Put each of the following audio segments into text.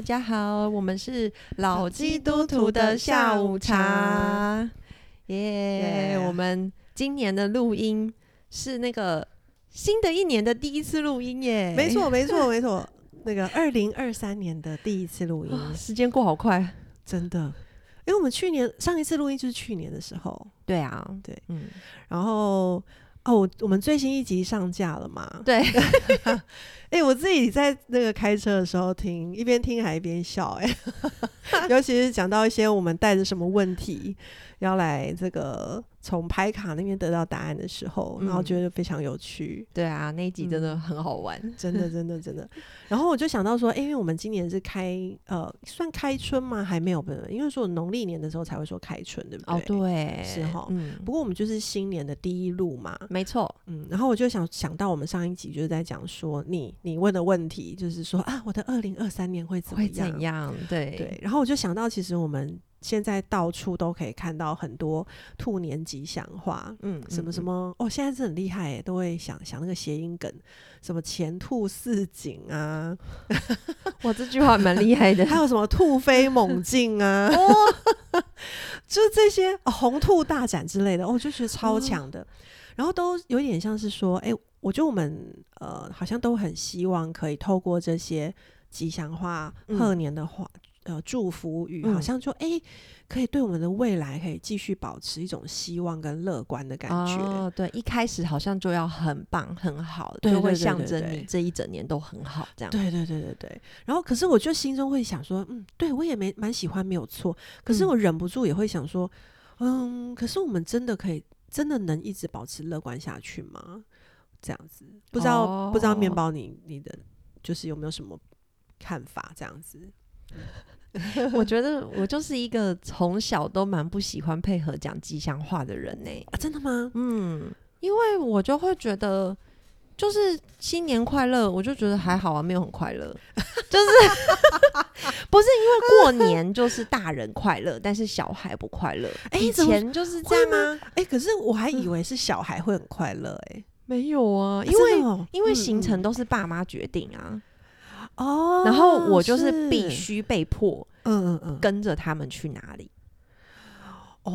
大家好，我們是老基督徒的下午茶，耶、yeah！Yeah. 我們今年的錄音是那個新的一年的第一次錄音耶，沒錯，沒錯，沒錯， 那個二零二三年的第一次錄音，哦、時間過好快，真的，因為我們去年上一次錄音就是去年的時候，對啊，對，嗯，然後。哦，我我們最新一集上架了嘛？對。哎、 欸，我自己在那個開車的時候聽，一邊聽還一邊笑哎、欸， 尤其是講到一些我們帶着什麼問題要來這個。從拍卡那邊得到答案的時候，嗯、然後覺得非常有趣。對啊，那一集真的很好玩，嗯，真的真的真的。 然後我就想到說，哎、欸，因為我們今年是開呃，算開春嗎？還沒有，因為說農曆年的時候才會說開春，對不對？哦，對，是齁。嗯，不過我們就是新年的第一路嘛，沒錯錯。嗯，然後我就想想到我們上一集就是在講說，你你問的問題就是說啊，我的二零二三年會怎麼樣？會怎樣對對。然後我就想到，其實我們。現在到處都可以看到很多兔年吉祥話，嗯，什麼什麼、嗯嗯、哦，現在是很厲害耶，都會想想那個諧音梗，什麼前兔似錦啊，哇，這句話蠻厲害的，還有什麼兔飛猛進啊，嗯、哦、 就是這些、哦、紅兔大展之類的，哦，就是超強的，哦、然後都有點像是說，哎、欸，我覺得我們呃好像都很希望可以透過這些吉祥話、賀年的話。嗯呃、祝福語、嗯、好像就哎、欸，可以對我們的未來可以繼續保持一種希望跟樂觀的感覺、哦。對，一開始好像就要很棒很好，對對對對對就會象徵你這一整年都很好這樣子。對對對對對。然後，可是我就心中會想說，嗯，對我也沒蠻喜歡，沒有錯。可是我忍不住也會想說，嗯,嗯，可是我們真的可以，真的能一直保持樂觀下去嗎？這樣子，不知道、哦、不知道麵包你你的就是有沒有什麼看法？這樣子。嗯 我覺得我就是一個從小都蠻不喜歡配合講吉祥話的人呢、欸。啊，真的嗎？嗯，因為我就會覺得，就是新年快樂，我就覺得還好啊，沒有很快樂。 就是 不是因為過年就是大人快樂，但是小孩不快樂？哎、欸，以前就是這樣、啊、嗎？哎、欸，可是我還以為是小孩會很快樂、欸，哎、嗯，沒有啊，啊喔、因為因為行程都是爸媽決定啊。哦，oh, 然後我就是必須被迫是，嗯嗯嗯，跟着他們去哪裡？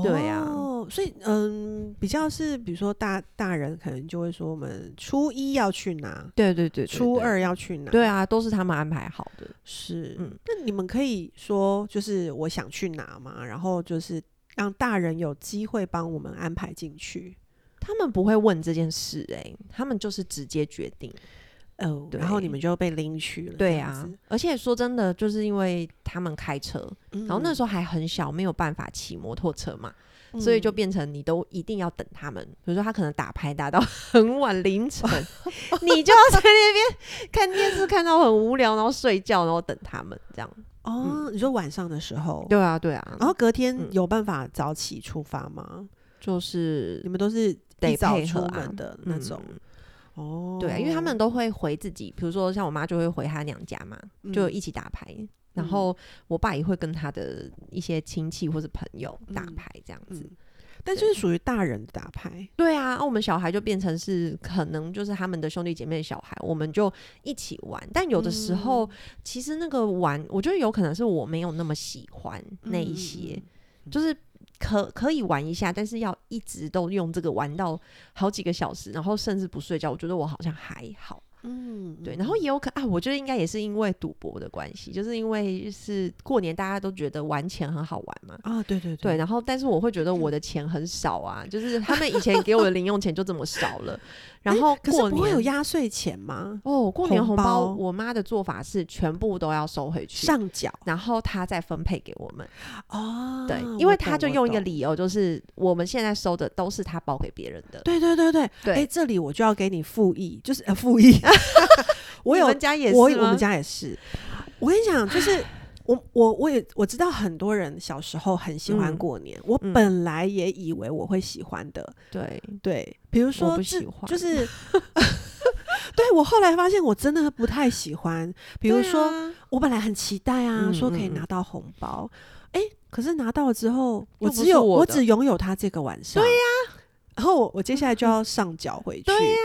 對呀，所以嗯，比較是比如說大大人可能就會說我們初一要去哪？對對對，初二要去哪對對對。對啊，都是他們安排好的。是，嗯、那你們可以說就是我想去哪嘛，然後就是讓大人有機會幫我們安排進去，他們不會問這件事、欸，哎，他們就是直接決定。哦，然後你們就被拎去了。對啊，而且說真的，就是因為他們開車，然後那時候還很小，沒有辦法騎摩托車嘛，所以就變成你都一定要等他們。比如說他可能打牌打到很晚凌晨，你就要在那邊看電視，看到很無聊，然後睡覺，然後等他們這樣。哦，你說晚上的時候，對啊，對啊。然後隔天有辦法早起出發嗎？就是你們都是得早出門的那種。哦，對、啊，因為他們都會回自己，比如說像我媽就會回她娘家嘛，嗯、就一起打牌。嗯、然後我爸也會跟他的一些親戚或是朋友打牌這樣子，嗯嗯、但就是屬於大人的打牌。對，對啊，啊我們小孩就變成是可能就是他們的兄弟姐妹小孩，我們就一起玩。但有的時候，嗯、其實那個玩，我覺得有可能是我沒有那麼喜歡那一些，嗯嗯嗯、就是。可可以玩一下，但是要一直都用這個玩到好幾個小時，然後甚至不睡覺。我覺得我好像還好，嗯，對。然後也有可啊，我覺得應該也是因為賭博的關係，就是因為是過年大家都覺得玩錢很好玩嘛。啊，對對對。對。然後，但是我會覺得我的錢很少啊，嗯，就是他們以前給我的零用錢就這麼少了。 然後過年可是不會有壓歲錢嗎？哦，過年紅包，紅包我媽的做法是全部都要收回去上繳角，然後她再分配給我們。哦，對，因為她就用一個理由，就是我們現在收的都是她包給別人的。對對對對對，哎對，這裡我就要給你附議，就是、呃、附議。 我有家也是我，我們家也是，我跟你講，就是。我我我也我知道很多人小時候很喜歡過年，我本來也以為我會喜歡的，對對，比如說是就是，對我後來發現我真的不太喜歡，比如說我本來很期待啊，說可以拿到紅包，哎，可是拿到了之後，我只有我只擁有它這個晚上，對呀，然後我我接下來就要上繳回去，對呀。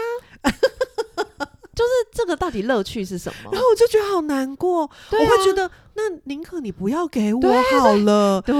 就是這個到底樂趣是什麼？然後我就覺得好難過，我會覺得那寧可你不要給我好了，對，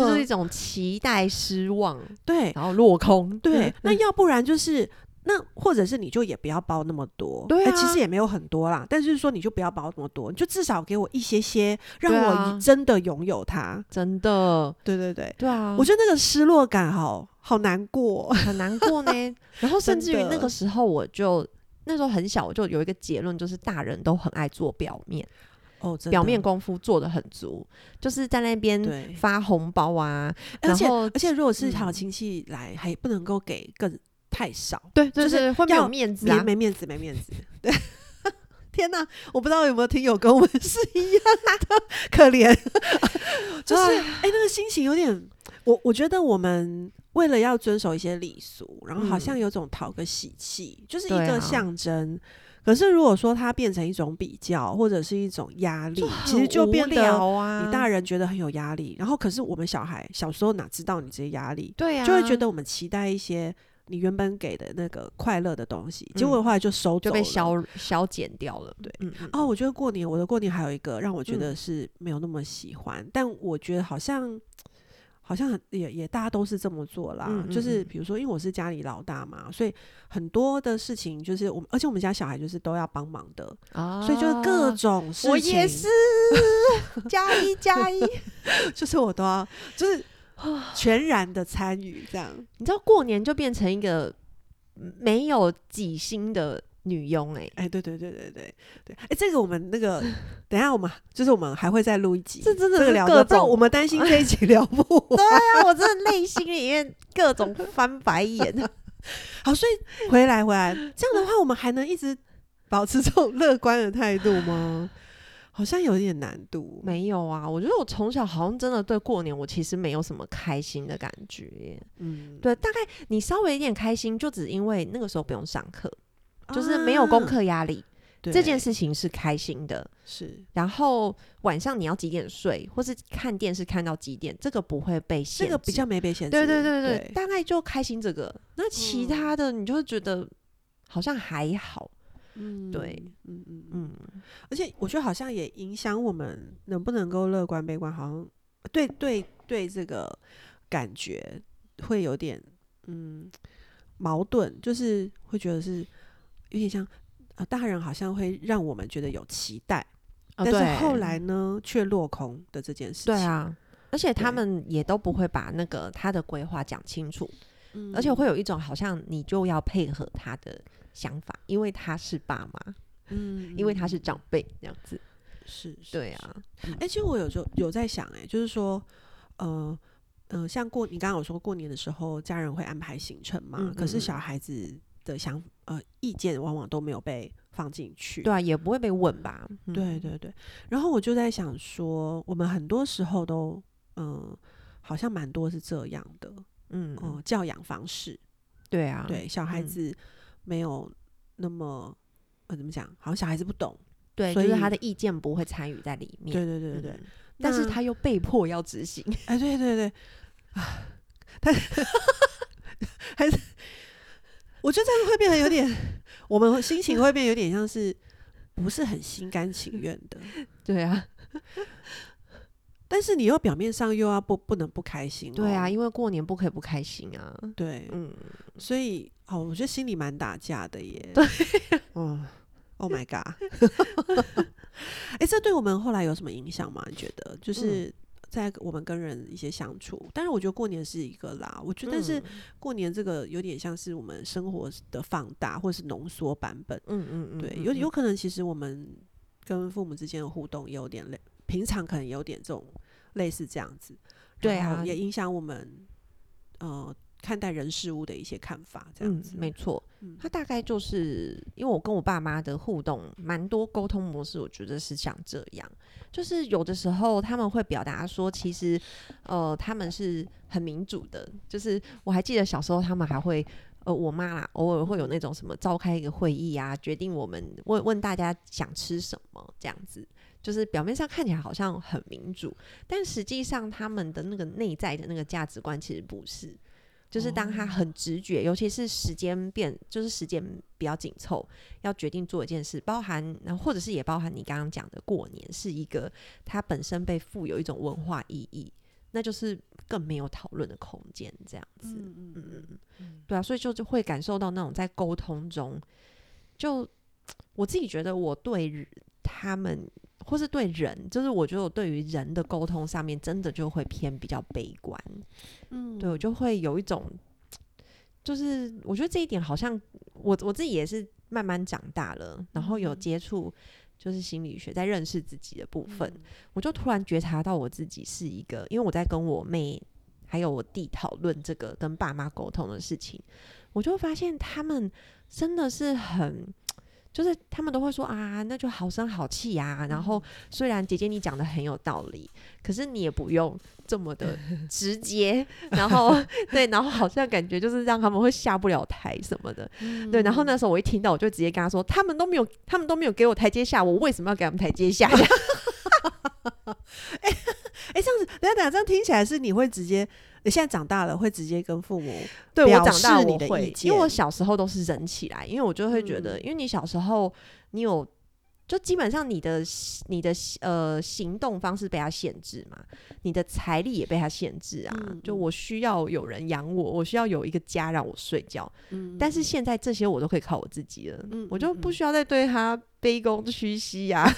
就是一種期待失望，對，然後落空，對。那要不然就是那或者是你就也不要包那麼多，欸，其實也沒有很多啦，但是說你就不要包那麼多，就至少給我一些些，讓我真的擁有它，真的，對對對，對啊。我覺得那個失落感，好好難過，很難過呢。然後甚至於那個時候我就。那時候很小，我就有一個結論，就是大人都很愛做表面，哦、oh，表面功夫做得很足，就是在那邊發紅包啊，對然後而且，而且如果是小親戚來，嗯、還不能夠給更太少，對，就是會沒有面子，啊，沒沒面子，沒面子。對， 天哪，我不知道有沒有聽友跟我們是一樣的可，可憐，就是哎、啊，欸，那個心情有點，我我覺得我們。為了要遵守一些禮俗，然後好像有種討個喜氣，嗯、就是一個象徵。啊、可是如果說它變成一種比較，或者是一種壓力，啊、其實就變得你大人覺得很有壓力，然後可是我們小孩小時候哪知道你這些壓力？對呀、啊，就會覺得我們期待一些你原本給的那個快樂的東西，嗯、結果的話就收走了，就被消消減掉了，對。嗯嗯、哦，嗯、我覺得過年我的過年還有一個讓我覺得是沒有那麼喜歡，嗯、但我覺得好像。好像很也也大家都是這麼做啦，嗯、就是比如說，因為我是家裡老大嘛，嗯、所以很多的事情就是我，而且我們家小孩就是都要幫忙的，啊、所以就是各種事情，我也是 加一加一， 就是我都要，就是全然的參與，這樣。你知道過年就變成一個沒有幾星的。女傭。哎、欸、哎、欸、對對對對對對哎、欸、這個我們那個等一下我們 就是我們還會再錄一集，這真的是這個聊各種我們擔心這一集聊不完 對啊，我真的內心裡面各種翻白眼 好。好，所以回來回來，這樣的話，我們還能一直保持這種樂觀的態度嗎？ 好像有點難度。沒有啊，我覺得我從小好像真的對過年我其實沒有什麼開心的感覺。嗯，對，大概你稍微有點開心，就只因為那個時候不用上課。就是沒有功課壓力，啊、這件事情是開心的。是，然後晚上你要幾點睡，或是看電視看到幾點，這個不會被限制，這個比較沒被限制。對對對對，對大概就開心這個。那其他的，你就會覺得好像還好。嗯，對，嗯嗯嗯。嗯嗯而且我覺得好像也影響我們能不能夠樂觀悲觀，好像對對對，對這個感覺會有點嗯矛盾，就是會覺得是。有點像，呃，大人好像會讓我們覺得有期待，哦、但是後來呢，卻、嗯、落空的這件事情。對啊，而且他們也都不會把那個他的規劃講清楚，嗯、而且會有一種好像你就要配合他的想法，因為他是爸媽，嗯，因為他是長輩這樣子。是，是，對啊。哎、嗯欸，其實我有時候有在想、欸，誒，就是說，呃，嗯、呃，像過你剛剛有說過年的時候，家人會安排行程嘛？嗯、可是小孩子，的想呃，意見往往都沒有被放進去，對啊，也不會被問吧？對對對。然後我就在想說，我們很多時候都嗯，好像蠻多是這樣的，嗯，教養方式，對啊，對，小孩子沒有那麼呃，怎麼講？好像小孩子不懂，對，所以他的意見不會參與在裡面，對對對對對。但是他又被迫要執行，哎，對對對，啊，他還是。我覺得這樣會變得有點， 我們心情會變有點像是不是很心甘情願的， 對啊，但是你又表面上又要不不能不開心，哦，對啊，因為過年不可以不開心啊。對，嗯，所以哦，我覺得心裡蠻打架的耶。哦嗯、啊、Oh my god，哎、 欸，這對我們後來有什麼影響嗎？你覺得？就是。嗯在我們跟人一些相處，但是我覺得過年是一個啦，我覺得但是過年這個有點像是我們生活的放大或是濃縮版本，嗯嗯嗯，嗯嗯對，有有可能其實我們跟父母之間的互動也有點累，平常可能有點這種類似這樣子，對，也影響我們，呃。看待人事物的一些看法，這樣子。嗯，沒錯。他大概就是因為我跟我爸媽的互動蠻多，溝通模式我覺得是像這樣，就是有的時候他們會表達說，其實呃他們是很民主的。就是我還記得小時候他們還會呃我媽啦，偶爾會有那種什麼召開一個會議啊，決定我們問問大家想吃什麼這樣子。就是表面上看起來好像很民主，但實際上他們的那個內在的那個價值觀其實不是。就是當他很直覺，尤其是時間變，就是時間比較緊湊，要決定做一件事，包含然後或者是也包含你剛剛講的過年，是一個它本身被賦有一種文化意義，那就是更沒有討論的空間，這樣子。嗯嗯嗯嗯，對啊，所以就就會感受到那種在溝通中，就我自己覺得我對他們。或是對人，就是我覺得我對於人的溝通上面，真的就會偏比較悲觀，嗯，對，我就會有一種，就是我覺得這一點好像我我自己也是慢慢長大了，然後有接觸就是心理學，在認識自己的部分，嗯，我就突然覺察到我自己是一個，因為我在跟我妹還有我弟討論這個跟爸媽溝通的事情，我就發現他們真的是很。就是他們都會說啊，那就好聲好氣呀、啊。然後雖然姐姐你講得很有道理，可是你也不用這麼的直接。 然後對，然後好像感覺就是讓他們會下不了台什麼的。嗯、對，然後那時候我一聽到，我就直接跟他說，他們都沒有，他們都沒有給我台階下，我為什麼要給他們台階下？ 欸哎、欸，這樣子，等下、等下，這樣聽起來是你會直接，你、欸、現在長大了會直接跟父母對你的我長大，了。的意見，因為我小時候都是忍起來，因為我就會覺得，嗯、因為你小時候你有，就基本上你的你的呃行動方式被他限制嘛，你的財力也被他限制啊，嗯、就我需要有人養我，我需要有一個家讓我睡覺，嗯，但是現在這些我都可以靠我自己了，嗯,嗯,嗯，我就不需要再對他卑躬屈膝呀、啊，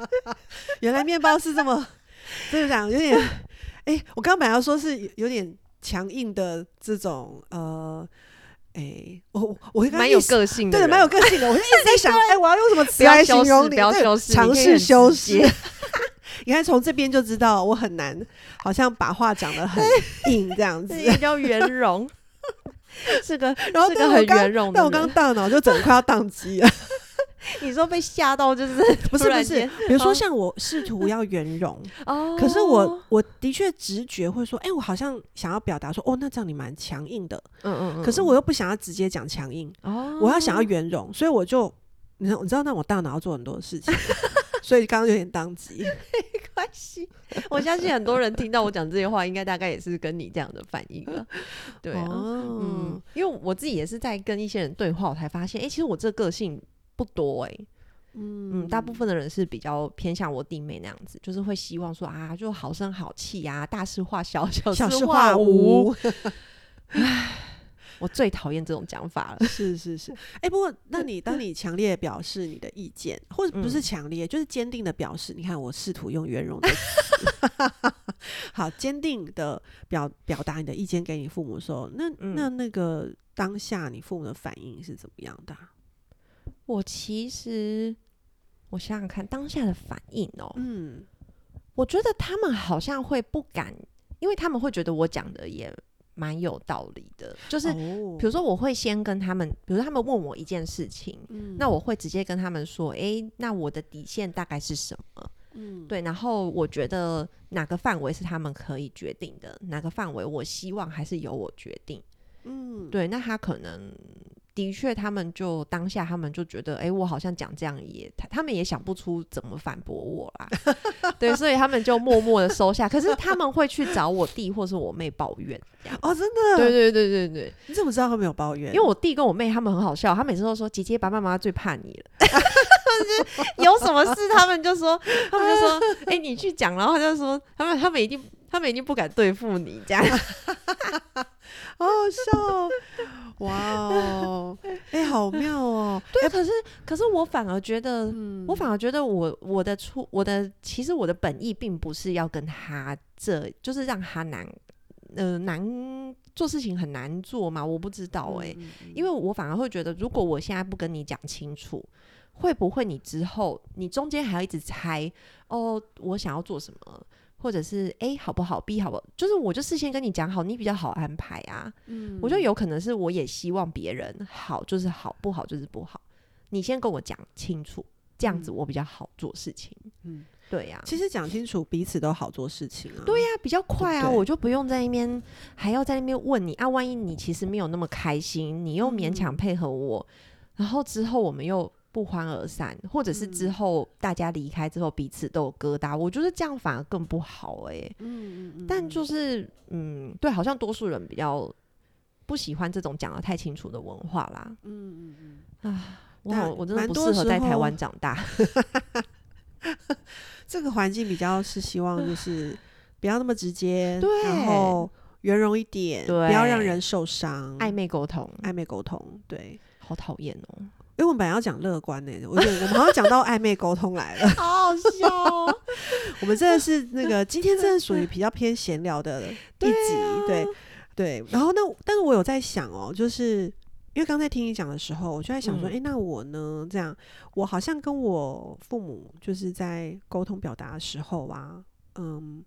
原來面包是這麼。 隊長有點，哎、 欸，我剛剛本來要說是有點強硬的這種，呃，哎、欸，我我蠻有，有個性的，對、哎，蠻有個性的，我就一直在想，哎對、欸，我要用什麼詞來形容你？不要修飾，嘗試修飾。你看從這邊就知道我很難，好像把話講得很硬這樣子，比較圓融。 是個，然後這個很圓融，但我剛大腦就整個快要宕機了。你說被嚇到就是不是不是？比如說像我試圖要圓融，oh. 可是我我的確直覺會說，哎、欸，我好像想要表達說，哦，那這樣你蠻強硬的，嗯嗯嗯，可是我又不想要直接講強硬，哦，oh. 我要想要圓融，所以我就，你知道，你知道，那我大腦要做很多事情， 所以剛剛有點當機， 沒關係。我相信很多人聽到我講這些話， 應該大概也是跟你這樣的反應了，對啊，oh. 嗯，因為我自己也是在跟一些人對話，我才發現，哎、欸，其實我這個個性，不多哎、欸，嗯，嗯，大部分的人是比較偏向我弟妹那樣子，就是會希望說啊，就好聲好氣啊，大事化小，小事化無。化無 唉，我最討厭這種講法了。是是是，哎、欸，不過那你當你強烈表示你的意見， 或者不是強烈，就是堅定的表示，你看我試圖用圓融， 好，堅定的表表達你的意見給你父母說，那那那個當下你父母的反應是怎麼樣的？我其實，我想想看當下的反應哦、喔。嗯，我覺得他們好像會不敢，因為他們會覺得我講的也蠻有道理的。就是哦、比如說，我會先跟他們，比如說他們問我一件事情，嗯、那我會直接跟他們說：“哎、欸，那我的底線大概是什麼？”嗯，對。然後我覺得哪個範圍是他們可以決定的，哪個範圍我希望還是由我決定。嗯，對。那他可能。的確，他們就當下，他們就覺得，哎、欸，我好像講這樣也，他他們也想不出怎麼反駁我啦。 對，所以他們就默默的收下。可是他們會去找我弟或是我妹抱怨。哦，真的？對對對對對。你怎麼知道他們有抱怨？因為我弟跟我妹他們很好笑，他每次都說姐姐，爸爸媽媽最怕你了。 有什麼事他們就說， 他們就說，哎、欸，你去講，然後他就說他們他們一定，他們一定不敢對付你這樣。 好好笑哦，哇哦，哎、欸，好妙哦！欸、對，可是可是我反而覺得，嗯、我反而覺得我我的出我的其實我的本意並不是要跟他這，這就是讓他難，呃，難做事情很難做嘛，我不知道誒、欸，嗯嗯嗯，因為我反而會覺得，如果我現在不跟你講清楚，會不會你之後你中間還要一直猜？哦，我想要做什麼？或者是 A 好不好，B 好不好，就是我就事先跟你講好，你比較好安排啊。嗯，我就有可能是我也希望別人好，就是好不好就是不好，你先跟我講清楚，這樣子我比較好做事情。嗯，對呀，啊，其實講清楚彼此都好做事情啊。對呀，啊，比較快啊，對我就不用在那邊還要在那邊問你啊。萬一你其實沒有那麼開心，你又勉強配合我，嗯，然後之後我們又。不歡而散，或者是之後大家離開之後彼此都有疙瘩，嗯、我覺得這樣反而更不好哎、欸。嗯嗯、但就是嗯，對，好像多數人比較不喜歡這種講得太清楚的文化啦。嗯嗯嗯。啊、嗯，我但我真的不適合在台灣長大。 這個環境比較是希望就是不要那麼直接， 對然後圓融一點，對不要讓人受傷。曖昧溝通，曖昧溝通，對，好討厭哦。因為、欸、我們本來要講樂觀呢、欸，我覺得我們好像講到曖昧溝通來了， 好好笑哦、喔。 我們真的是那個今天真的屬於比較偏閒聊的一集， 對、啊、對，對。然後那但是我有在想哦、喔，就是因為剛才聽你講的時候，我就在想說，誒、嗯欸，那我呢？這樣我好像跟我父母就是在溝通表達的時候啊，嗯，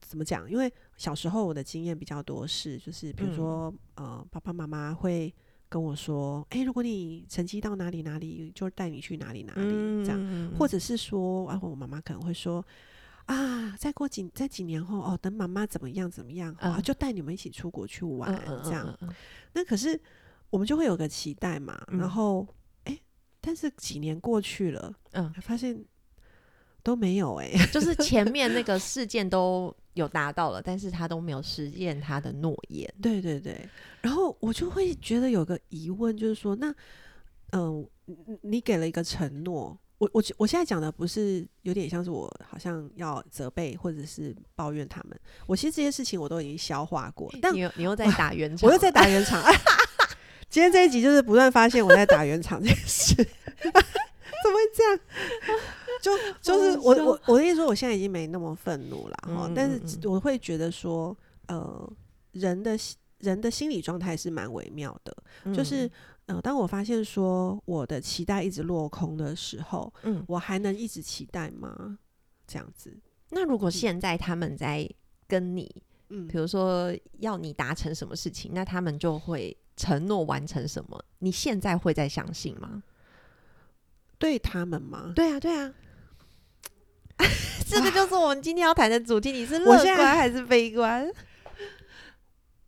怎麼講？因為小時候我的經驗比較多是，是就是比如說、嗯、呃，爸爸媽媽會。跟我說，誒、欸，如果你成績到哪裡哪裡，就帶你去哪裡哪裡、嗯、這樣，嗯嗯、或者是說，然後、啊、我媽媽可能會說，啊，再過幾再幾年後，哦，等媽媽怎麼樣怎麼樣，嗯、就帶你們一起出國去玩、嗯、這樣。嗯嗯、那可是我們就會有個期待嘛，嗯、然後、欸，但是幾年過去了，嗯，發現都沒有誒、欸，就是前面那個事件都。 有達到了，但是他都沒有實現他的諾言。對對對，然後我就會覺得有個疑問，就是說，那，嗯、呃，你給了一個承諾，我我我現在講的不是有點像是我好像要責備或者是抱怨他們，我其實這些事情我都已經消化過，但你又你又在打圓場，我，我，我又在打圓場， 今天這一集就是不斷發現我在打圓場這件事， 怎麼會這樣？ 就就是我、嗯、我我的意思說，我現在已經沒那麼憤怒了哈，嗯、但是我會覺得說，呃，人的人的心理狀態是蠻微妙的，嗯、就是嗯、呃，當我發現說我的期待一直落空的時候，嗯，我還能一直期待嗎？這樣子？那如果現在他們在跟你，嗯，比如說要你達成什麼事情，嗯、那他們就會承諾完成什麼？你現在會再相信嗎？對他們嗎？對啊，對啊。 這個就是我們今天要談的主題。哇你是樂觀還是悲觀？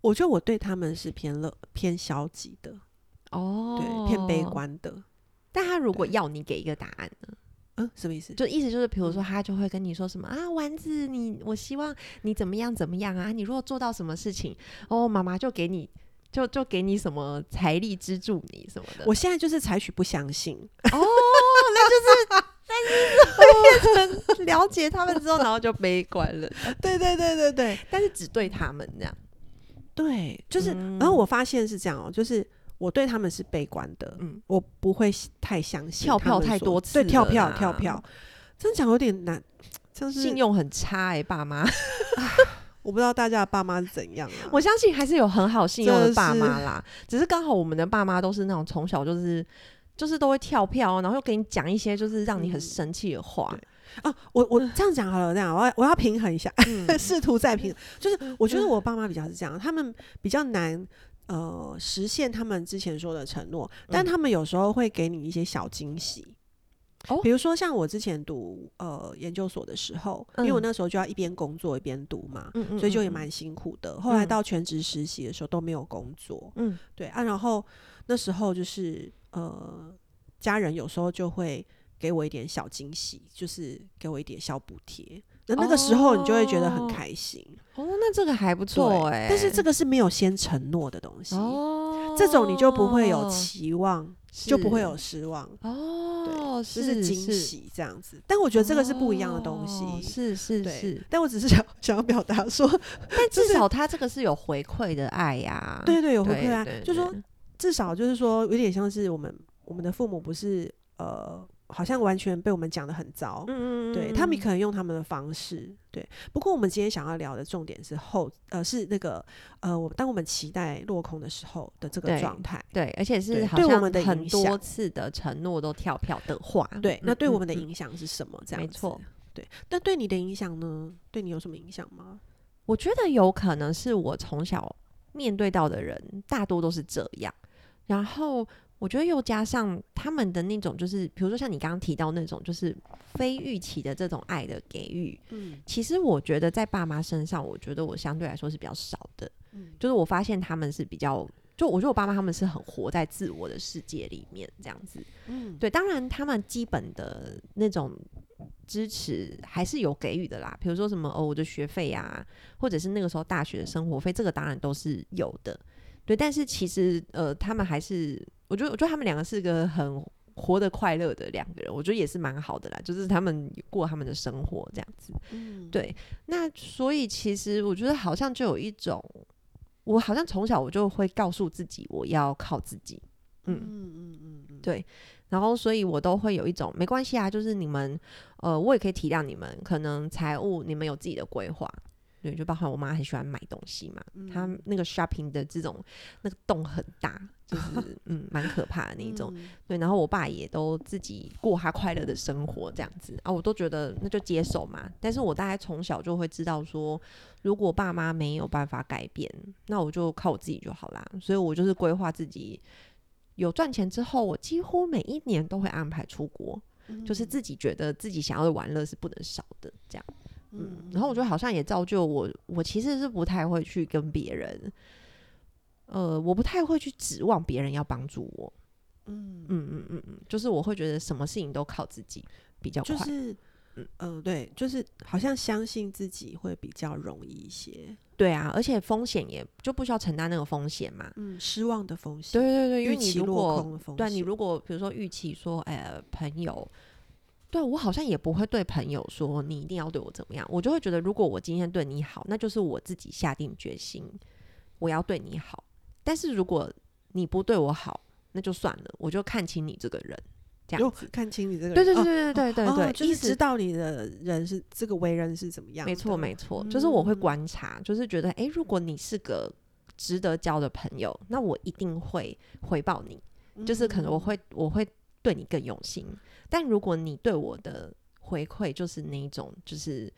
我我覺得我對他們是偏樂、偏消極的哦，對，偏悲觀的。但他如果要你給一個答案呢？嗯，什麼意思？就意思就是，比如說他就會跟你說什麼啊，丸子，你，你我希望你怎麼樣怎麼樣啊？你如果做到什麼事情，哦，媽媽就給你，就就給你什麼財力資助你什麼的。我現在就是採取不相信哦，那就是。 哦、了解他們之後，然後就悲觀了。 對對對對對，對，但是只對他們這樣。對，就是，嗯、然後我發現是這樣哦、喔，就是我對他們是悲觀的，嗯，我不會太相信，跳票太多次、啊，對，跳票跳票，真的講有點難，就是信用很差哎、欸，爸媽， 我不知道大家的爸媽是怎樣、啊、我相信還是有很好信用的爸媽啦，是只是剛好我們的爸媽都是那種從小就是。就是都會跳票，然後又給你講一些就是讓你很生氣的話啊！我我這樣講好了，這樣我要我要平衡一下，試圖再平衡。就是我覺得我爸媽比較是這樣，他們比較難呃實現他們之前說的承諾，但他們有時候會給你一些小驚喜。比如說像我之前讀呃研究所的時候，因為我那時候就要一邊工作一邊讀嘛，所以就也蠻辛苦的。後來到全職實習的時候都沒有工作，嗯，對啊，然後那時候就是。呃，家人有時候就會給我一點小驚喜，就是給我一點小補貼。那那個時候你就會覺得很開心。哦，那這個還不錯哎。但是這個是沒有先承諾的東西。哦。這種你就不會有期望，就不會有失望。哦。對，就是驚喜這樣子。但我覺得這個是不一樣的東西。是是是。但我只是想想要表達說，但至少他這個是有回饋的愛呀。對對，有回饋的愛，就說。至少就是說，有點像是我們我們的父母不是呃，好像完全被我們講的很糟，嗯嗯，嗯，對他們可能用他們的方式，對。不過我們今天想要聊的重點是後呃是那個呃，我當我們期待落空的時候的這個狀態，對，對，而且是好像很多次的承諾都跳票的話，對，那對我們的影響是什麼？這樣嗯嗯嗯，沒錯，對。那對你的影響呢？對你有什麼影響嗎？我覺得有可能是我從小面對到的人大多都是這樣。然後我覺得又加上他們的那種，就是比如說像你剛剛提到那種，就是非預期的這種愛的給予。嗯，其實我覺得在爸媽身上，我覺得我相對來說是比較少的。嗯，就是我發現他們是比較，就我覺得我爸媽他們是很活在自我的世界裡面這樣子。嗯，對，當然他們基本的那種支持還是有給予的啦。比如說什麼哦，我的學費啊，或者是那個時候大學的生活費，這個當然都是有的。對，但是其實呃，他們還是，我覺得，我覺得他們兩個是個很活得快樂的兩個人，我覺得也是蠻好的啦，就是他們過他們的生活這樣子。嗯，對，那所以其實我覺得好像就有一種，我好像從小我就會告訴自己我要靠自己。嗯嗯嗯嗯嗯，對，然後所以我都會有一種沒關係啊，就是你們，呃，我也可以體諒你們，可能財務你們有自己的規劃。對，就包括我媽很喜歡買東西嘛，她，嗯、那個 shopping 的這種那個洞很大，就是 嗯，蠻可怕的那一種。嗯、對，然後我爸也都自己過他快樂的生活這樣子啊，我都覺得那就接受嘛。但是我大概從小就會知道說，如果爸媽沒有辦法改變，那我就靠我自己就好啦。所以我就是規劃自己有賺錢之後，我幾乎每一年都會安排出國，嗯、就是自己覺得自己想要的玩樂是不能少的這樣。嗯，然後我覺得好像也造就我，我其實是不太會去跟別人，呃，我不太會去指望別人要幫助我，嗯嗯嗯嗯嗯，就是我會覺得什麼事情都靠自己比較快，就是嗯嗯、呃、對，就是好像相信自己會比較容易一些，對啊，而且風險也就不需要承擔那個風險嘛，嗯，失望的風險，對對對，預期落空的風險，因為你如果，對、啊，你如果比如說預期說，哎、呃，朋友。對，我好像也不會對朋友說你一定要對我怎麼樣，我就會覺得，如果我今天對你好，那就是我自己下定決心我要對你好。但是如果你不對我好，那就算了，我就看清你這個人，這樣看清你這個人，對對對對對對對，對，對、哦哦哦，就是知道你的人是，、哦、是這個為人是怎麼樣。沒錯沒錯，就是我會觀察，嗯、就是覺得，哎，如果你是個值得交的朋友，那我一定會回報你，嗯、就是可能我會我會。對你更用心，但如果你對我的回饋就是那一種，就是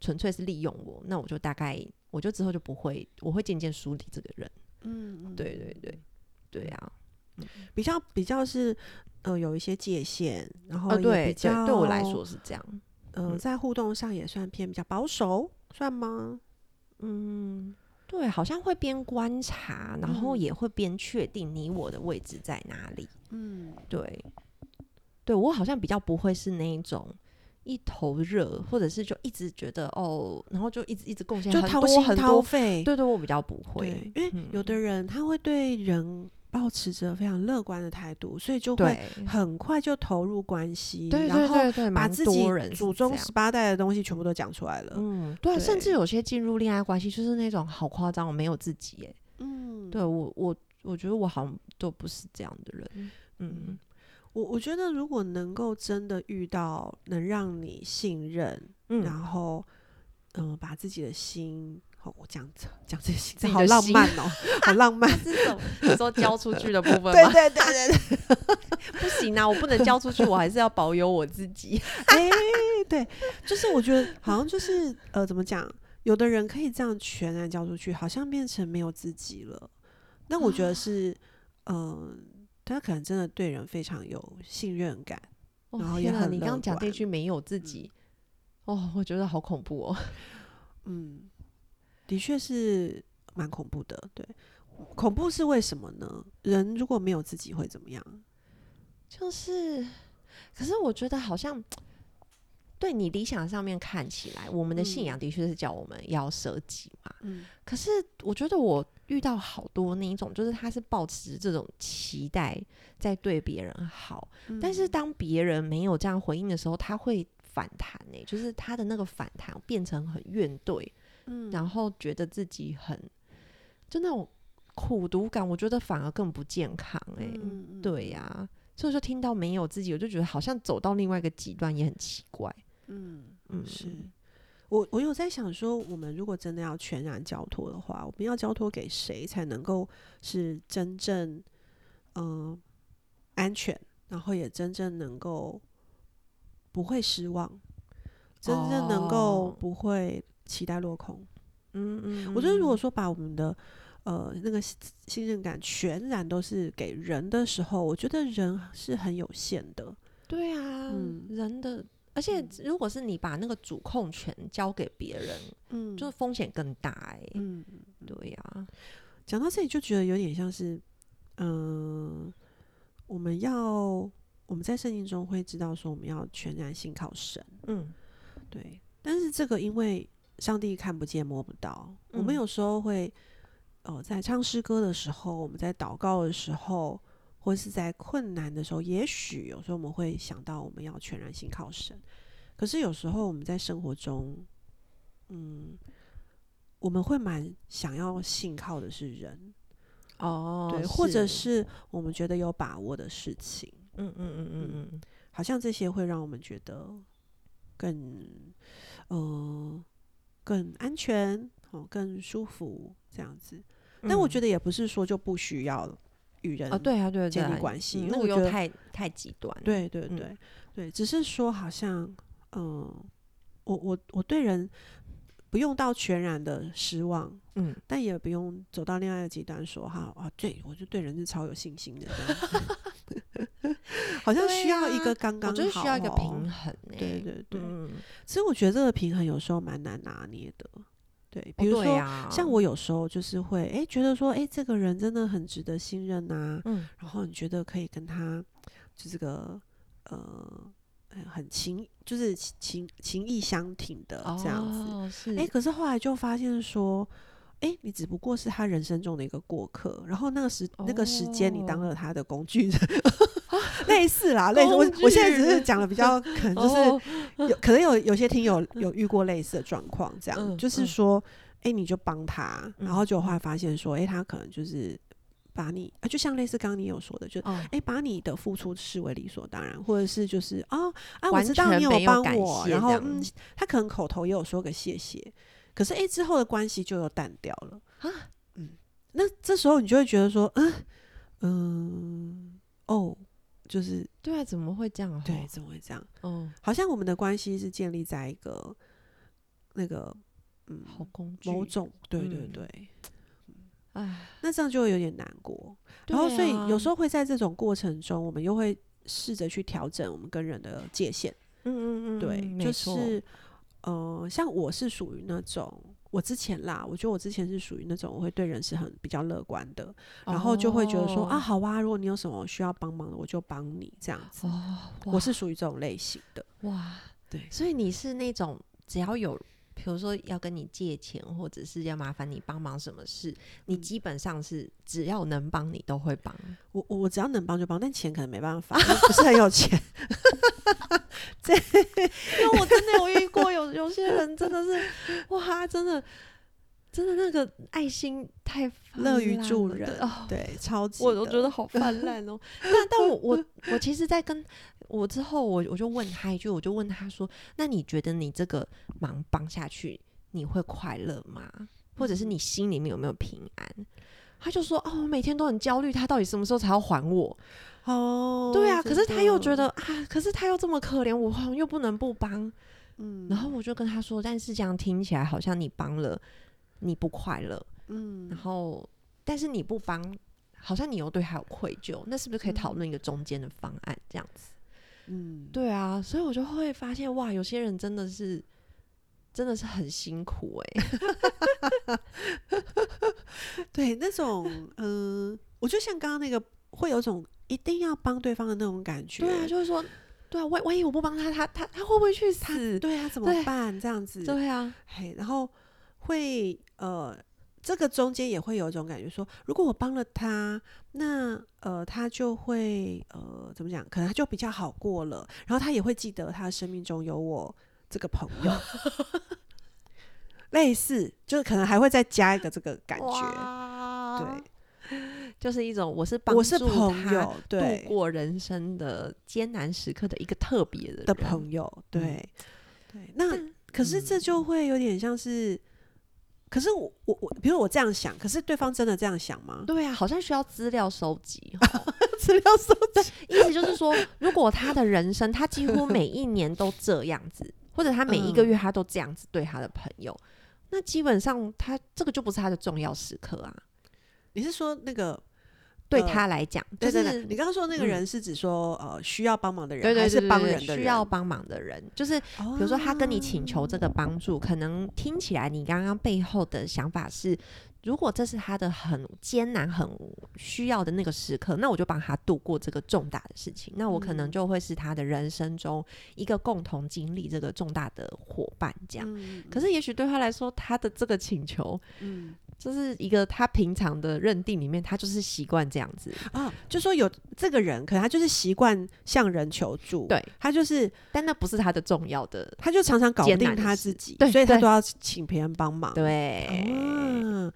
純粹是利用我，那我就大概我就之後就不會，我會漸漸疏離這個人。嗯，對對對對啊，比較比較是呃有一些界限，然後比較、呃、對對，對我來說是這樣，嗯、呃，在互動上也算偏比較保守，嗯、算嗎？嗯，對，好像會邊觀察，然後也會邊確定你我的位置在哪裡。嗯，對。對，我好像比較不會是那一種一頭熱，或者是就一直覺得哦，然後就一直一直貢獻，就掏心掏肺對，對，對我比較不會，因為、嗯、有的人他會對人抱持着非常樂觀的態度，所以就會很快就投入關係，對然後把自己祖宗十八代的東西全部都講出來了。對對對對，嗯，對、啊，對甚至有些進入戀愛關係就是那種好誇張，沒有自己、欸。嗯，對我我我覺得我好像都不是這樣的人。嗯。嗯我我覺得，如果能夠真的遇到能讓你信任，嗯、然後嗯，把自己的心，好、喔，講這樣講這些心，的心好浪漫哦、喔， 好浪漫，這是這種，你說交出去的部分嗎？ 對對對對，對 不行啊，我不能交出去，我還是要保有我自己。 哎、欸，對，就是我覺得好像就是呃，怎麼講？有的人可以這樣全然交出去，好像變成沒有自己了。那我覺得是嗯。啊呃他可能真的對人非常有信任感，哦、然後也很樂觀。天啊，你剛剛講那句“沒有自己”，嗯、哦，我覺得好恐怖哦。嗯，的確是蠻恐怖的。對，恐怖是為什麼呢？人如果沒有自己會怎麼樣？就是，可是我覺得好像，對你理想上面看起來，我們的信仰的確是叫我們要捨己。嗯嗯，可是我覺得我遇到好多那一種，就是他是抱持這種期待在對別人好，嗯、但是當別人沒有這樣回應的時候，他會反彈哎、欸，就是他的那個反彈變成很怨懟，嗯、然後覺得自己很就那種苦毒感，我覺得反而更不健康哎、欸，嗯嗯、對呀、啊，所以說聽到沒有自己，我就覺得好像走到另外一個極端也很奇怪，嗯嗯是。我我有在想說，我們如果真的要全然交托的話，我們要交托給誰才能夠是真正，嗯、呃，安全，然後也真正能夠不會失望，真正能夠不會期待落空。Oh. 嗯嗯，我覺得如果說把我們的呃那個信任感全然都是給人的時候，我覺得人是很有限的。對啊，嗯，人的。而且，如果是你把那個主控權交給別人，嗯，就是風險更大哎、欸。嗯，對呀、啊。講到這裡就覺得有點像是，嗯、呃，我們要我們在聖經中會知道說我們要全然信靠神。嗯，對。但是這個因為上帝看不見摸不到，嗯、我們有時候會哦、呃，在唱詩歌的時候，我們在禱告的時候，或者是在困難的時候，也許有時候我們會想到我們要全然信靠神。可是有時候我們在生活中，嗯，我們會蠻想要信靠的是人哦，對，是或者是我們覺得有把握的事情。嗯嗯嗯嗯嗯，好像這些會讓我們覺得更，呃，更安全哦，更舒服這樣子。但我覺得也不是說就不需要了。嗯與人建立對對對關係，那又太太極端。對對對對，只是說好像，嗯，我我我對人不用到全然的失望，嗯，但也不用走到另外的極端說，說哈啊，對，我就對人是超有信心的。 好像需要一個剛剛好好，就需要一個平衡、欸。對對對，所以、嗯、我覺得這個平衡有時候蠻難拿捏的。對，比如說、哦啊、像我有時候就是會哎、欸、覺得說哎、欸、這個人真的很值得信任吶、啊、嗯、然後你覺得可以跟他就這個呃很情就是情情義相挺的這樣子，哎、哦欸、可是後來就發現說哎、欸、你只不過是他人生中的一個過客，然後那個時、哦、那個時間你當了他的工具人、哦。 類似啦，具類似我我現在只是講的比較可能就是有， 哦、有可能有有些聽友有，有遇過類似的狀況，這樣、嗯、就是說，誒、嗯，欸、你就幫他，然後就會發現說，誒、欸，他可能就是把你，啊、就像類似剛剛你有說的，就誒，哦欸、把你的付出視為理所當然，或者是就是、哦、啊，我知道你有幫我，然後嗯，他可能口頭也有說個謝謝，可是誒、欸，之後的關係就有淡掉了啊，嗯，那這時候你就會覺得說，嗯嗯哦。就是對啊，怎麼會這樣？對，怎麼會這樣？嗯，好像我們的關係是建立在一個那個嗯，某種對對對，哎、嗯，唉那這樣就會有點難過。對啊、然後，所以有時候會在這種過程中，我們又會試着去調整我們跟人的界限。嗯嗯嗯，對，沒錯。就是呃，像我是屬於那種。我之前啦，我覺得我之前是屬於那種我會對人是很比較樂觀的，然後就會覺得說，Oh. 啊，好啊，如果你有什麼需要幫忙的，我就幫你這樣子。Oh, wow. 我是屬於這種類型的。哇，Wow. 對，所以你是那種只要有。比如說要跟你借錢，或者是要麻煩你幫忙什麼事，你基本上是只要能幫你都會幫我，我只要能幫就幫，但錢可能沒辦法， 不是很有錢。這 因為我真的有遇過 有有些人真的是，哇，真的。真的那個愛心太樂於助人，對，哦、對，超級我都覺得好泛濫哦。 但但我我，我其實，在跟我之後我，我我就問他一句，我就問他說：“那你覺得你這個忙幫下去，你會快樂嗎？或者是你心裡面有沒有平安？”他就說：“哦、啊，我每天都很焦慮，他到底什麼時候才要還我？”哦，對啊，的可是他又覺得啊，可是他又這麼可憐，我又不能不幫。嗯，然後我就跟他說：“但是這樣聽起來好像你幫了。”你不快樂，嗯，然後但是你不幫，好像你又對他有愧疚，那是不是可以討論一個中間的方案這樣子？嗯，對啊，所以我就會發現哇，有些人真的是真的是很辛苦哎、欸， 對，那種嗯，我就像剛剛那個會有一種一定要幫對方的那種感覺，對啊，就是說對啊，萬萬一我不幫他，他他他會不會去死？對啊，怎麼辦？對這樣子對啊，嘿，然後會。呃，這個中間也會有一種感覺說，說如果我幫了他，那呃，他就會呃，怎麼講？可能他就比較好過了，然後他也會記得他生命中有我這個朋友， 類似，就是可能還會再加一個這個感覺，哇對，就是一種我是幫助他我，他度過人生的艱難時刻的一個特別的，對的朋友，對，嗯、對，那這可是這就會有點像是。嗯可是我我我，比如我這樣想，可是對方真的這樣想嗎？對啊，好像需要資料、喔、 資料收集，資料收集，意思就是說，如果他的人生他幾乎每一年都這樣子， 或者他每一個月他都這樣子對他的朋友，嗯、那基本上他這個就不是他的重要時刻啊。你是說那個？對他來講，但、呃就是你剛剛說那個人是指說、嗯、呃需要幫忙的人，還是幫人的人，需要幫忙的人？就是比如說他跟你請求這個幫助，哦、可能聽起來你剛剛背後的想法是，如果這是他的很艱難、很需要的那個時刻，那我就幫他度過這個重大的事情。那我可能就會是他的人生中一個共同經歷這個重大的夥伴。這樣，嗯、可是也許對他來說，他的這個請求，嗯。就是一個他平常的認定裡面，他就是習慣這樣子啊，就說有這個人，可能他就是習慣向人求助，對，他就是，但那不是他的重要的，他就常常搞不定他自己，對所以他都要請別人幫忙，對，嗯，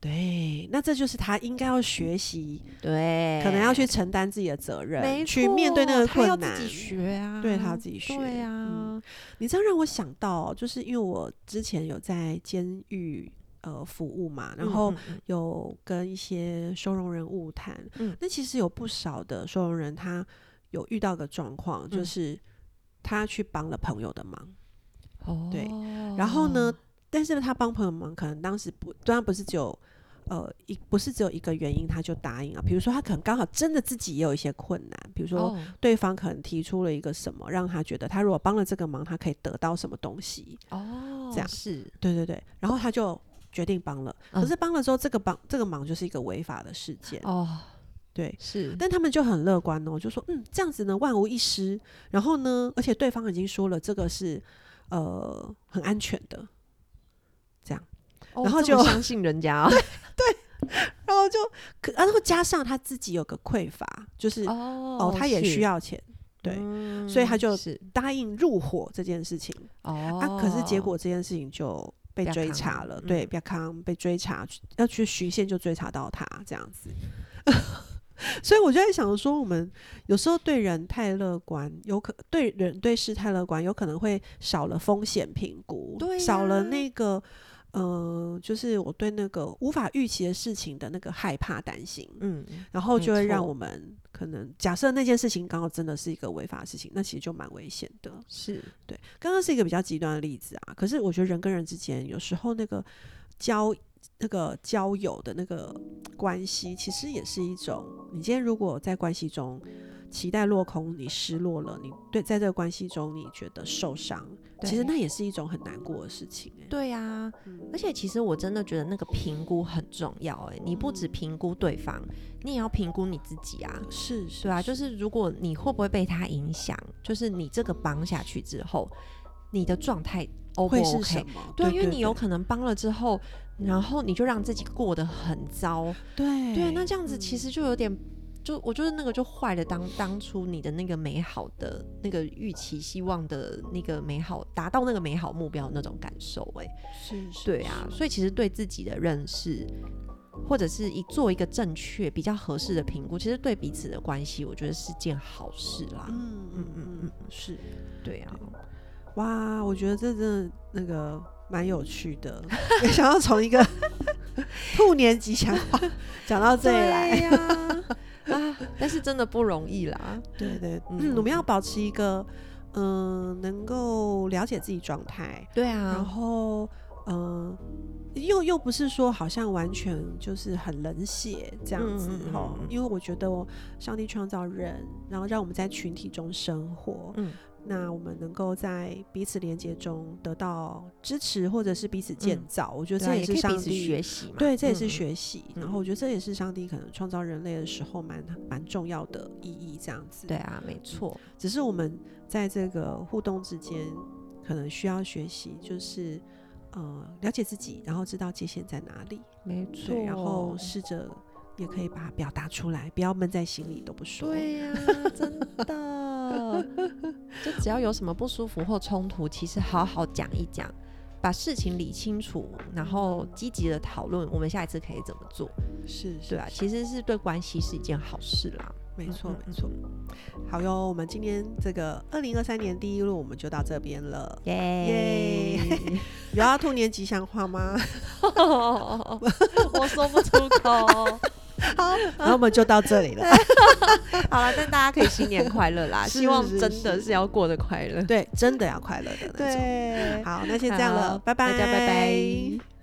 對，那這就是他應該要學習，對，可能要去承擔自己的責任，錯去面對那個困難，他要自己學啊，對他要自己學，對啊，你這樣讓我想到，就是因為我之前有在監獄。呃，服務嘛，然後有跟一些收容人晤談，嗯嗯嗯、那其實有不少的收容人，他有遇到的狀況就是，他去幫了朋友的忙，哦、對，然後呢，哦、但是呢，他幫朋友忙，可能當時不，當然不是只有，呃，一不是只有一個原因，他就答應了、啊。比如說，他可能剛好真的自己也有一些困難，比如說、哦、對方可能提出了一個什麼，讓他覺得他如果幫了這個忙，他可以得到什麼東西，哦，這樣是對對對，然後他就。決定幫了，可是幫了之後，這個幫、嗯、這個忙就是一個違法的事件哦。對，是，但他們就很樂觀哦、喔，就說嗯，這樣子呢，萬無一失。然後呢，而且對方已經說了，這個是呃很安全的，這樣，然後就、哦、相信人家、哦 對，對，然後就可然後加上他自己有個匱乏，就是哦，哦，他也需要錢，是對，嗯、所以他就答應入夥這件事情哦。啊，可是結果這件事情就。被追查了，跟對比較 o 被追查，要去循線就追查到他這樣子， 所以我就在想說，我們有時候對人太樂觀，有可對人對事太樂觀，有可能會少了風險評估，啊、少了那個嗯、呃，就是我對那個無法預期的事情的那個害怕擔心，嗯，然後就會讓我們。可能假設那件事情剛剛真的是一個違法的事情，那其實就蠻危險的。是，對，剛剛是一個比較極端的例子啊。可是我覺得人跟人之間有時候那個交。那個交友的那個關係，其實也是一種。你今天如果在關係中期待落空，你失落了，你對在這個關係中你覺得受傷，對其實那也是一種很難過的事情，欸。對啊，而且其實我真的覺得那個評估很重要，欸。哎，你不只評估對方，你也要評估你自己啊。是，是，是啊，就是如果你會不會被他影響，就是你這個綁下去之後。你的狀態 ok，對，因為你有可能幫了之後，然後你就讓自己過得很糟。對對，那這樣子其實就有點，就我覺得那個就壞了當當初你的那個美好的那個預期、希望的那個美好達到那個美好目標的那種感受，哎，是，是，對啊，所以其實對自己的認識，或者是一做一個正確、比較合適的評估，其實對彼此的關係，我覺得是件好事啦。嗯嗯嗯嗯，是對啊。哇，我覺得這真的那個蠻有趣的， 想要從一個 兔年吉祥話講 到這裡來，啊 啊，但是真的不容易啦。對，對對，嗯， 我們要保持一個嗯，呃，能夠了解自己狀態。對啊，然後嗯，呃，又又不是說好像完全就是很冷血這樣子，嗯嗯，因為我覺得上帝創造人，然後讓我們在群體中生活。嗯。那我們能夠在彼此連接中得到支持，或者是彼此建造，嗯、我覺得這也是上帝、嗯啊、學習。對，這也是學習。嗯、然後我覺得這也是上帝可能創造人類的時候蠻蠻重要的意義，這樣子、嗯。對啊，沒錯、嗯。只是我們在這個互動之間，可能需要學習，就是呃了解自己，然後知道界限在哪裡。沒錯錯。然後試着也可以把它表達出來，不要悶在心裡都不說。對啊，真的。 就只要有什麼不舒服或衝突，其實好好講一講，把事情理清楚，然後積極的討論，我們下一次可以怎麼做？是，是，是啊，其實是對關係是一件好事啦。沒錯，沒錯。好喲，我們今天這個二零二三年第一路，我們就到這邊了。耶 Yeah、yeah！有要兔年吉祥話嗎？ 我說不出口。 好，那我們就到這裡了。好了，但大家可以新年快樂啦！ 是是是，希望真的是要過得快樂，是對，真的要快樂的那種。對好，那先這樣了，好拜拜，大家拜拜。